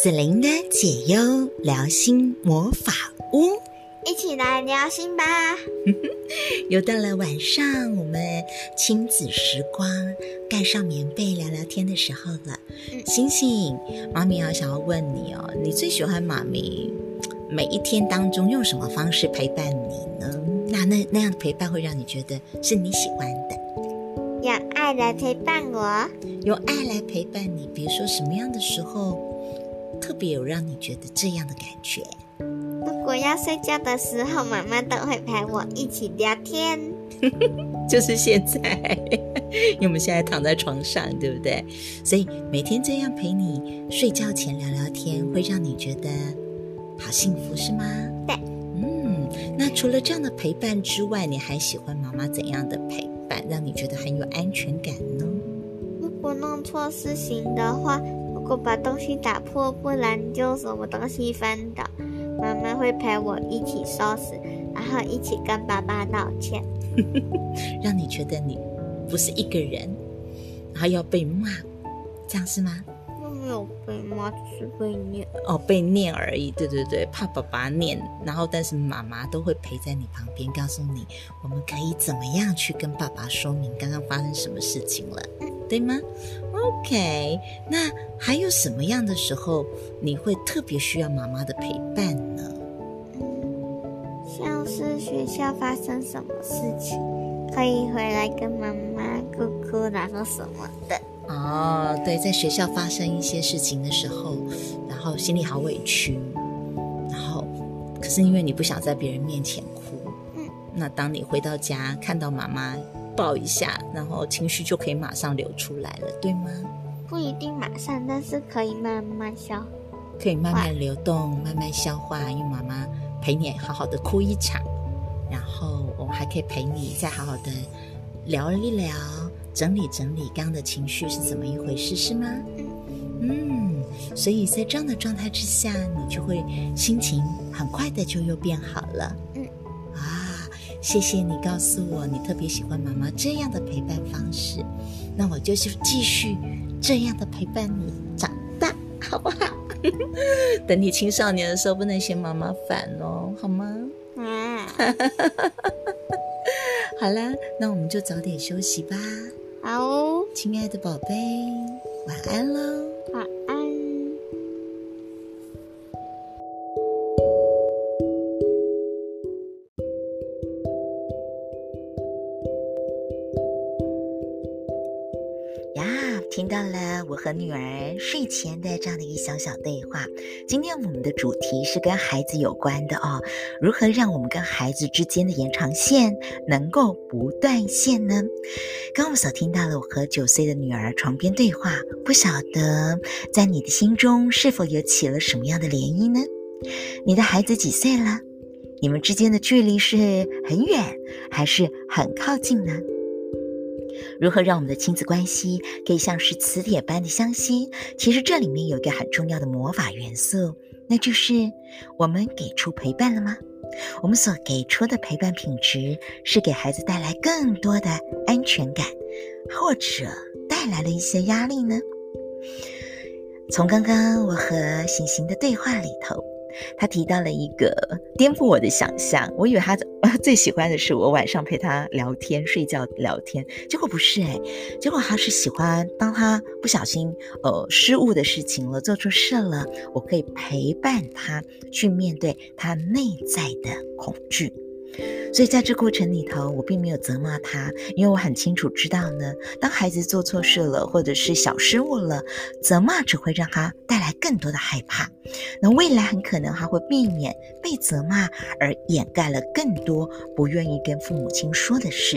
子玲的解憂聊心魔法屋，一起來聊心吧。又 到了晚上，我們親子時光，蓋上棉被聊聊天的時候了。嗯、星星，媽咪啊，想要問你哦，你最喜歡媽咪每一天當中用什麼方式陪伴你呢？那那那樣的陪伴會讓你覺得是你喜歡的？用愛來陪伴我，用愛來陪伴你。比如說什麼樣的時候？特別有讓你覺得這樣的感覺。如果要睡覺的時候，媽媽都會陪我一起聊天。 就是現在，因為我們現在躺在床上，對不對？所以每天這樣陪你睡覺前聊聊天，會讓你覺得好幸福，是嗎？對。嗯，那除了這樣的陪伴之外，你還喜歡媽媽怎樣的陪伴，讓你覺得很有安全感呢？如果弄錯事情的話。如果把東西打破，不然就什麼東西翻倒，媽媽會陪我一起收拾，然後一起跟爸爸道歉。 讓你覺得你不是一個人，然後要被罵，這樣是嗎？沒有被罵，只是被念。哦，被念而已。對對對，怕爸爸念，然後但是媽媽都會陪在你旁邊，告訴你我們可以怎麼樣去跟爸爸說明剛剛發生什麼事情了。嗯對嗎？OK，那還有什麼樣的時候你會特別需要媽媽的陪伴呢？像是學校發生什麼事情，可以回來跟媽媽哭哭，然後什麼的。哦，對，在學校發生一些事情的時候，然後心裡好委屈，然後可是因為你不想在別人面前哭，嗯，那當你回到家看到媽媽。抱一下，然後情緒就可以馬上流出來了，對嗎？不一定馬上，但是可以慢慢消。可以慢慢流動、慢慢消化。因為媽媽陪你好好的哭一場，然後我們還可以陪你再好好的聊一聊，整理整理剛剛的情緒是怎麼一回事，是嗎？嗯，所以在這樣的狀態之下，你就會心情很快的就又變好了。謝謝你告訴我你特別喜歡媽媽這樣的陪伴方式，那我就繼續這樣的陪伴你長大，好不好？ 等你青少年的時候不能嫌媽媽煩哦，好嗎？嗯。 好啦，那我們就早點休息吧。好哦，親愛的寶貝，晚安嘍。我和女兒睡前的這樣的一個小小對話。今天我們的主題是跟孩子有關的哦，如何讓我們跟孩子之間的延長線能夠不斷線呢？剛才我所聽到了我和九歲的女兒床邊對話，不曉得在你的心中是否有起了什麼樣的漣漪呢？你的孩子幾歲了？你們之間的距離是很遠還是很靠近呢？如何讓我們的親子關係可以像是磁鐵般的相吸？其實這裡面有一個很重要的魔法元素，那就是我們給出陪伴了嗎？我們所給出的陪伴品質是給孩子帶來更多的安全感，或者帶來了一些壓力呢？從剛剛我和醒醒的對話裡頭，他提到了一個顛覆我的想象，我以為他的。他最喜歡的是我晚上陪他聊天、睡覺聊天，結果不是哎，結果他是喜歡當他不小心呃失誤的事情了、做錯事了，我可以陪伴他去面對他內在的恐懼。所以在這過程裡頭，我並沒有責罵他，因為我很清楚知道呢，當孩子做錯事了或者是小失誤了，責罵只會讓他帶來更多的害怕，那未來很可能他會避免被責罵，而掩蓋了更多不願意跟父母親說的事。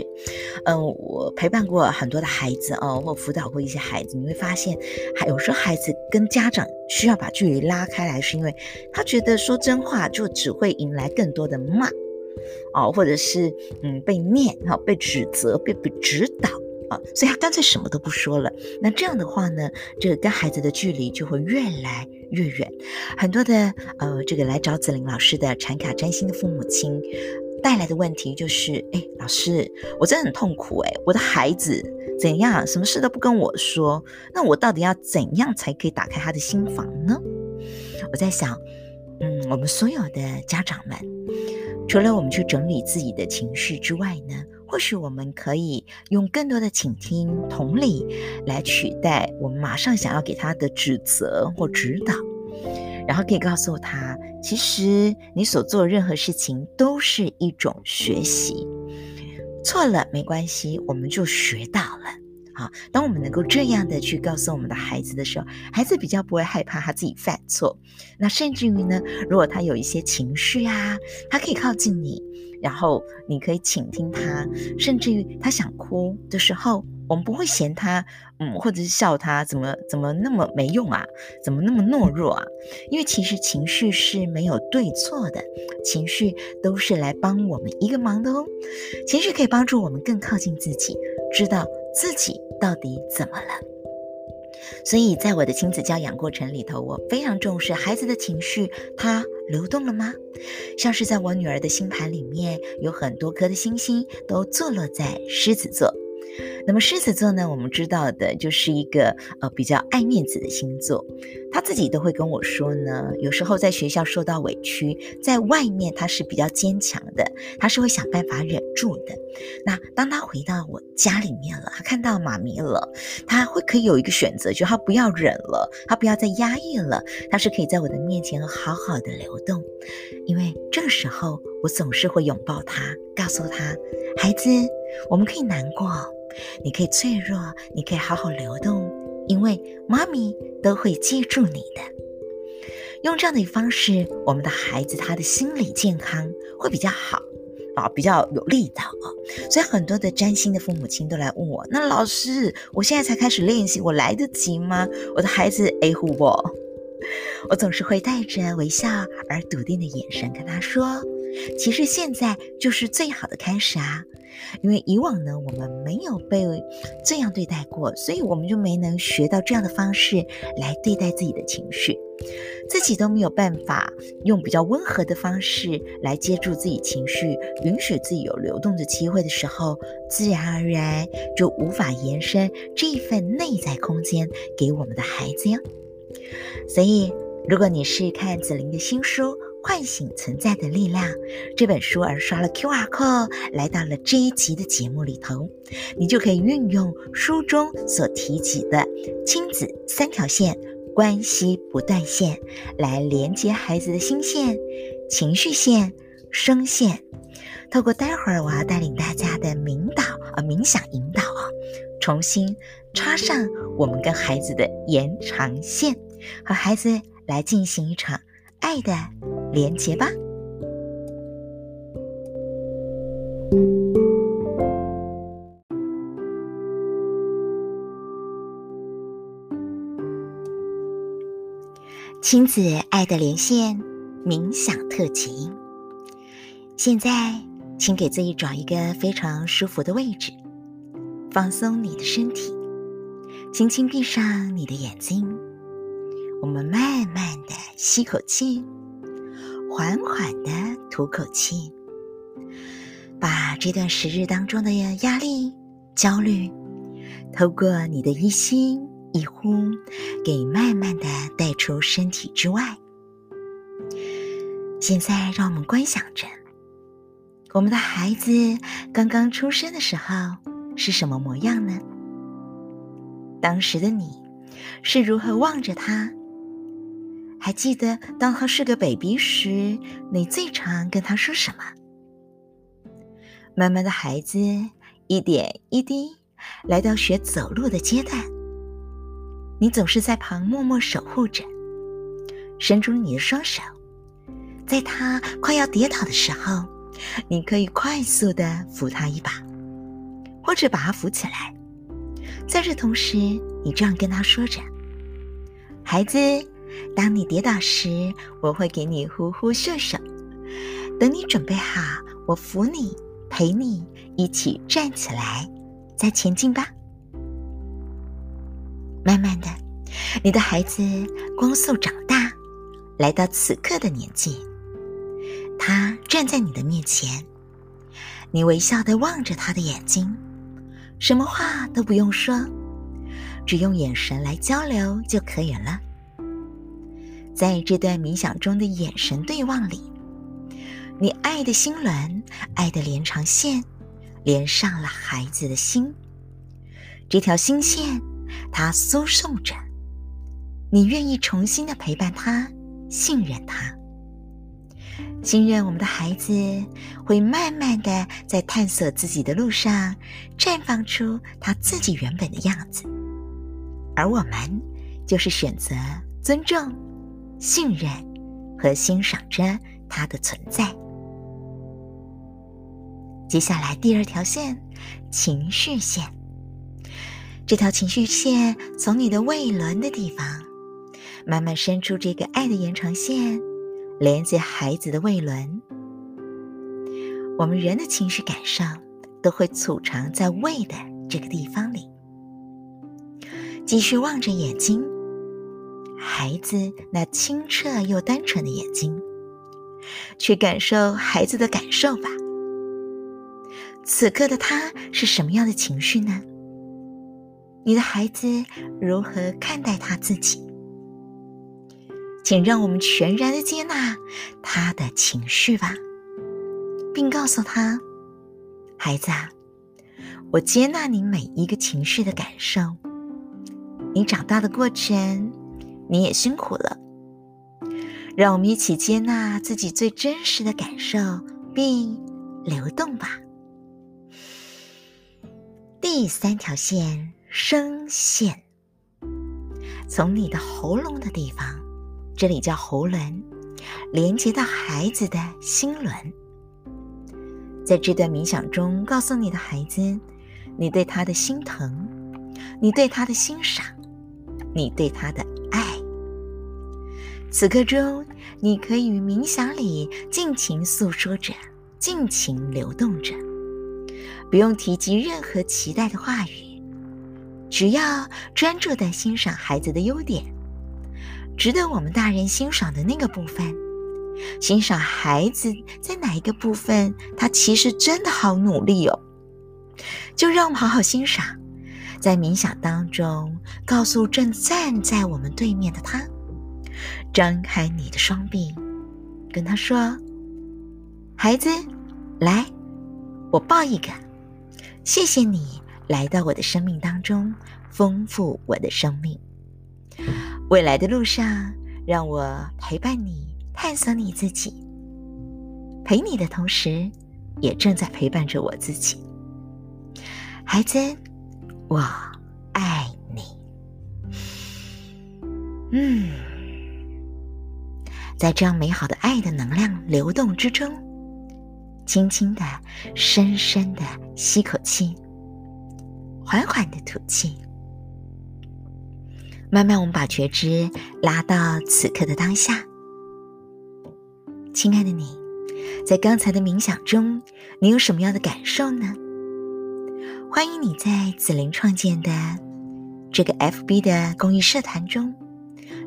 嗯、呃，我陪伴過很多的孩子哦，或輔導過一些孩子，你會發現，還有時候孩子跟家長需要把距離拉開來，是因為他覺得說真話就只會引來更多的罵。哦，或者是嗯，被念哈、哦，被指責，被被指導啊、哦，所以他乾脆什麼都不說了。那這樣的話呢，這個跟孩子的距離就會越來越遠。很多的呃，這個來找子玲老師的禪卡占星的父母親帶來的問題就是，哎，老師，我真的很痛苦誒，我的孩子怎樣，什麼事都不跟我說，那我到底要怎樣才可以打開他的心房呢？我在想。嗯，我們所有的家長們，除了我們去整理自己的情緒之外呢，或許我們可以用更多的傾聽、同理來取代我們馬上想要給他的指責或指導，然後可以告訴他，其實你所做任何事情都是一種學習，錯了沒關係，我們就學到。啊，當我們能夠這樣的去告訴我們的孩子的時候，孩子比較不會害怕他自己犯錯。那甚至於呢，如果他有一些情緒啊，他可以靠近你，然後你可以傾聽他。甚至於他想哭的時候，我們不會嫌他，嗯，或者是笑他怎麼怎麼那麼沒用啊，怎麼那麼懦弱啊？因為其實情緒是沒有對錯的，情緒都是來幫我們一個忙的哦。情緒可以幫助我們更靠近自己，知道。自己到底怎麼了？所以在我的親子教養過程裡頭，我非常重視孩子的情緒，他流動了嗎？像是在我女兒的星盤裡面，有很多顆的星星都坐落在獅子座。那麼獅子座呢？我們知道的就是一個呃比較愛面子的星座，他自己都會跟我說呢，有時候在學校受到委屈，在外面他是比較堅強的，他是會想辦法忍住的。那當他回到我家裡面了，他看到媽咪了，他會可以有一個選擇，就是他不要忍了，他不要再壓抑了，他是可以在我的面前好好的流動。因為這個時候我總是會擁抱他，告訴他：“孩子，我們可以難過。”你可以脆弱，你可以好好流動，因為媽咪都會接住你的。用這樣的一方式，我們的孩子他的心理健康會比較好啊，比較有利的。所以很多的占星的父母親都來問我：那老師，我現在才開始練習，我來得及嗎？我的孩子愛護我，我總是會帶着微笑而篤定的眼神跟他說：其實現在就是最好的開始啊。因為以往呢，我們沒有被這樣對待過，所以我們就沒能學到這樣的方式來對待自己的情緒，自己都沒有辦法用比較溫和的方式來接住自己情緒，允許自己有流動的機會的時候，自然而然就無法延伸這份內在空間給我們的孩子呀。所以，如果你是看子玲的新書，喚醒存在的力量這本書，而刷了 QR code，來到了這一集的節目裡頭，你就可以運用書中所提及的親子三條線關係不斷線，來連接孩子的心線、情緒線、聲線，透過待會兒我要帶領大家的引導啊、呃、冥想引導啊，重新插上我們跟孩子的延長線，和孩子來進行一場愛的連結吧，親子愛的連線冥想特輯。現在，請給自己找一個非常舒服的位置，放鬆你的身體，輕輕閉上你的眼睛。我們慢慢的吸口氣。緩緩地吐口氣，把這段時日當中的壓力、焦慮，透過你的一吸一呼，給慢慢的帶出身體之外。現在，讓我們觀想着，我們的孩子剛剛出生的時候是什麼模樣呢？當時的你是如何望着他？還記得當他是個 baby 時，你最常跟他說什麼？慢慢的孩子一點一滴來到學走路的階段，你總是在旁默默守護着，伸出你的雙手，在他快要跌倒的時候，你可以快速的扶他一把，或者把他扶起來。在這同時，你這樣跟他說着：“孩子。”當你跌倒時，我會給你呼呼秀秀，等你準備好，我扶你，陪你一起站起來，再前進吧。慢慢的，你的孩子光速長大，來到此刻的年紀，他站在你的面前，你微笑的望着他的眼睛，什麼話都不用說，只用眼神來交流就可以了。在這段冥想中的眼神對望裡，你愛的心輪，愛的延長線，連上了孩子的心。這條心線，它輸送着，你願意重新的陪伴他，信任他。信任我們的孩子會慢慢的在探索自己的路上，綻放出他自己原本的樣子。而我們，就是選擇尊重。信任和欣賞着他的存在。接下來，第二條線——情緒線。這條情緒線從你的胃輪的地方，慢慢伸出這個愛的延長線，連接孩子的胃輪。我們人的情緒感受都會儲藏在胃的這個地方裡。繼續望着眼睛，孩子那清澈又單純的眼睛，去感受孩子的感受吧。此刻的他是什麼樣的情緒呢？你的孩子如何看待他自己？請讓我們全然的接納他的情緒吧，並告訴他：“孩子啊，我接納你每一個情緒的感受，你長大的過程。”你也辛苦了，讓我們一起接納自己最真實的感受，並流動吧。第三條線，聲線，從你的喉嚨的地方，這裡叫喉輪，連接到孩子的心輪。在這段冥想中，告訴你的孩子，你對他的心疼，你對他的欣賞，你對他的。此刻中，你可以與冥想裡盡情訴說着，盡情流動着，不用提及任何期待的話語，只要專注的欣賞孩子的優點，值得我們大人欣賞的那個部分。欣賞孩子在哪一個部分，他其實真的好努力哦。就讓我們好好欣賞，在冥想當中，告訴正站在我們對面的他。張開你的雙臂，跟他說：“孩子，來，我抱一個。謝謝你來到我的生命當中，豐富我的生命。嗯。未來的路上，讓我陪伴你，探索你自己。陪你的同時，也正在陪伴着我自己。孩子，我愛你。”嗯。在這樣美好的愛的能量流動之中，輕輕的、深深的吸口氣，緩緩的吐氣，慢慢我們把覺知拉到此刻的當下。親愛的你，在剛才的冥想中，你有什麼樣的感受呢？歡迎你在子玲創建的這個 FB 的公益社團中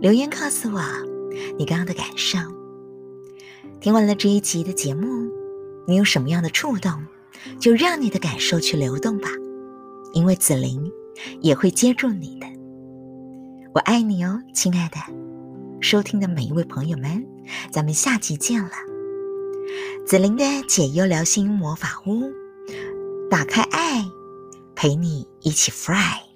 留言告訴我。你剛剛的感受，聽完了這一集的節目，你有什麼樣的觸動，就讓你的感受去流動吧，因為子玲也會接住你的。我愛你哦，親愛的，收聽的每一位朋友們，咱們下集見了。子玲的解憂聊心魔法屋，打開愛，陪你一起 fly。